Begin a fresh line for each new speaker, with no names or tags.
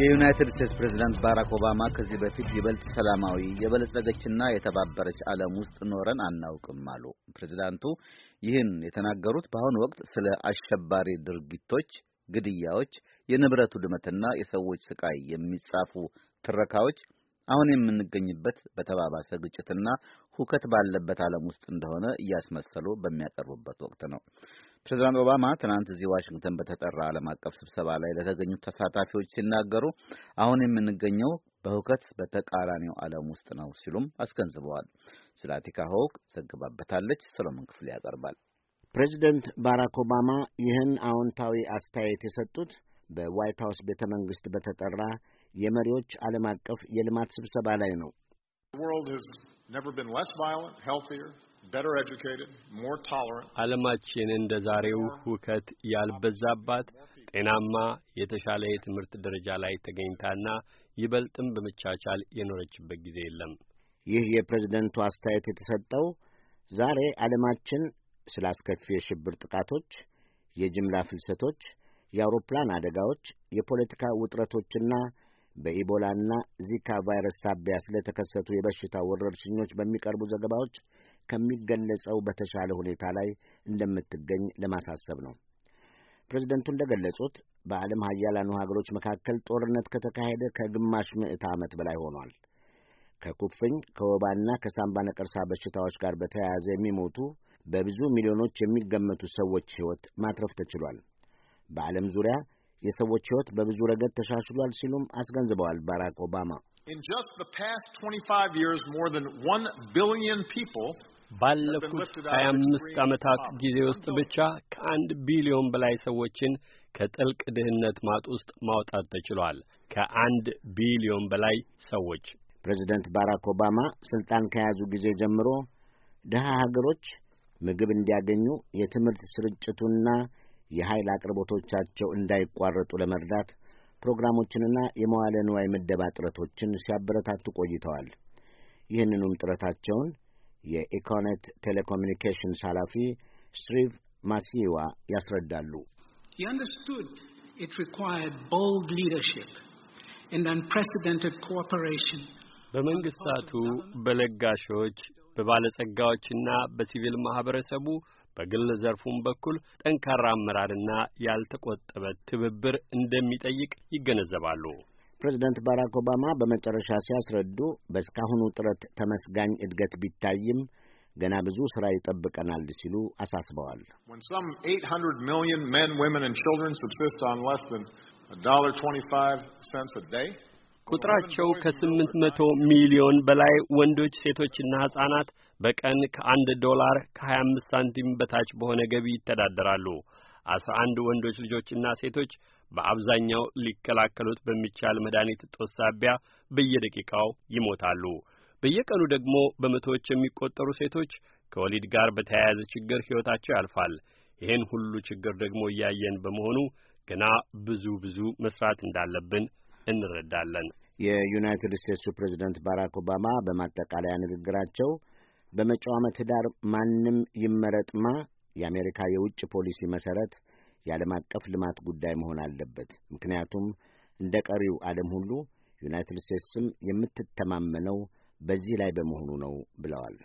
የዩናይትድ ስቴትስ ፕሬዝዳንት ባራክ ኦባማ ከዚህ በፊት ይበልጥ ሰላማዊ የበለጸገችና የተባበረች ዓለም ውስጥ ኖረን አናውቅም አሉ። ፕሬዝዳንቱ ይህን የተናገሩት በአሁኑ ወቅት ስለ አሸባሪ ድርጊቶች፣ ግድያዎች፣ የንብረት ውድመትና የሰዎች ስቃይ የሚጻፉ ትረካዎች አሁን የምንገኝበት በተባባሰ ግጭትና ሁከት ባለበት ዓለም ውስጥ እንደሆነ እያስመሰሉ በሚያቀርቡበት ወቅት ነው። ፕሬዚዳንት ኦባማ ትናንት እዚህ ዋሽንግተን በተጠራ ዓለም አቀፍ ስብሰባ ላይ ለተገኙት ተሳታፊዎች ሲናገሩ አሁን የምንገኘው በሁከት በተቃራኒው ዓለም ውስጥ ነው ሲሉም አስገንዝበዋል። ስለ አቲካ ሆክ ዘግባበታለች። ሰሎሞን ክፍሌ ያቀርባል።
ፕሬዚደንት ባራክ ኦባማ ይህን አዎንታዊ አስተያየት የሰጡት በዋይት ሀውስ ቤተ መንግስት በተጠራ የመሪዎች ዓለም አቀፍ የልማት ስብሰባ ላይ ነው።
ዓለማችን እንደ ዛሬው ሁከት ያልበዛባት ጤናማ የተሻለ የትምህርት ደረጃ ላይ ተገኝታና ይበልጥም በመቻቻል የኖረችበት ጊዜ የለም።
ይህ የፕሬዝደንቱ አስተያየት የተሰጠው ዛሬ ዓለማችን ስለ አስከፊ የሽብር ጥቃቶች፣ የጅምላ ፍልሰቶች፣ የአውሮፕላን አደጋዎች፣ የፖለቲካ ውጥረቶችና በኢቦላና ዚካ ቫይረስ ሳቢያ ስለተከሰቱ የበሽታ ወረርሽኞች በሚቀርቡ ዘገባዎች ከሚገለጸው በተሻለ ሁኔታ ላይ እንደምትገኝ ለማሳሰብ ነው። ፕሬዚደንቱ እንደገለጹት በዓለም ሀያላኑ ሀገሮች መካከል ጦርነት ከተካሄደ ከግማሽ ምዕተ ዓመት በላይ ሆኗል። ከኩፍኝ ከወባና ከሳምባ ነቀርሳ በሽታዎች ጋር በተያያዘ የሚሞቱ በብዙ ሚሊዮኖች የሚገመቱ ሰዎች ሕይወት ማትረፍ ተችሏል። በዓለም ዙሪያ የሰዎች ሕይወት በብዙ ረገድ ተሻሽሏል ሲሉም አስገንዝበዋል። ባራክ ኦባማ
ባለፉት ሀያ አምስት ዓመታት ጊዜ ውስጥ ብቻ ከአንድ ቢሊዮን በላይ ሰዎችን ከጥልቅ ድህነት ማጥ ውስጥ ማውጣት ተችሏል። ከአንድ ቢሊዮን በላይ ሰዎች ፕሬዚደንት
ባራክ ኦባማ ስልጣን ከያዙ ጊዜ ጀምሮ ድሀ ሀገሮች ምግብ እንዲያገኙ የትምህርት ስርጭቱና የኃይል አቅርቦቶቻቸው እንዳይቋረጡ ለመርዳት ፕሮግራሞችንና የመዋለ ንዋይ ምደባ ጥረቶችን ሲያበረታቱ ቆይተዋል። ይህንኑም ጥረታቸውን የኢኮኔት ቴሌኮሚኒኬሽንስ ኃላፊ ስትሪቭ ማሲዋ ያስረዳሉ።
በመንግስታቱ በለጋሾች በባለጸጋዎችና በሲቪል ማህበረሰቡ በግል ዘርፉም በኩል ጠንካራ አመራርና ያልተቆጠበ ትብብር እንደሚጠይቅ ይገነዘባሉ።
ፕሬዚደንት ባራክ ኦባማ በመጨረሻ ሲያስረዱ በእስካሁኑ ጥረት ተመስጋኝ እድገት ቢታይም ገና ብዙ ሥራ ይጠብቀናል ሲሉ አሳስበዋል።
ቁጥራቸው ከስምንት መቶ ሚሊዮን በላይ ወንዶች ሴቶችና ህጻናት በቀን ከአንድ ዶላር ከ25 ሳንቲም በታች በሆነ ገቢ ይተዳደራሉ። አስራ አንድ ወንዶች ልጆችና ሴቶች በአብዛኛው ሊከላከሉት በሚቻል መድኃኒት እጦት ሳቢያ በየደቂቃው ይሞታሉ። በየቀኑ ደግሞ በመቶዎች የሚቆጠሩ ሴቶች ከወሊድ ጋር በተያያዘ ችግር ሕይወታቸው ያልፋል። ይህን ሁሉ ችግር ደግሞ እያየን በመሆኑ ገና ብዙ ብዙ መስራት እንዳለብን እንረዳለን።
የዩናይትድ ስቴትሱ ፕሬዚደንት ባራክ ኦባማ በማጠቃለያ ንግግራቸው በመጪው ዓመት ህዳር ማንም ይመረጥማ የአሜሪካ የውጭ ፖሊሲ መሰረት የዓለም አቀፍ ልማት ጉዳይ መሆን አለበት። ምክንያቱም እንደ ቀሪው ዓለም ሁሉ ዩናይትድ ስቴትስም የምትተማመነው በዚህ ላይ በመሆኑ ነው ብለዋል።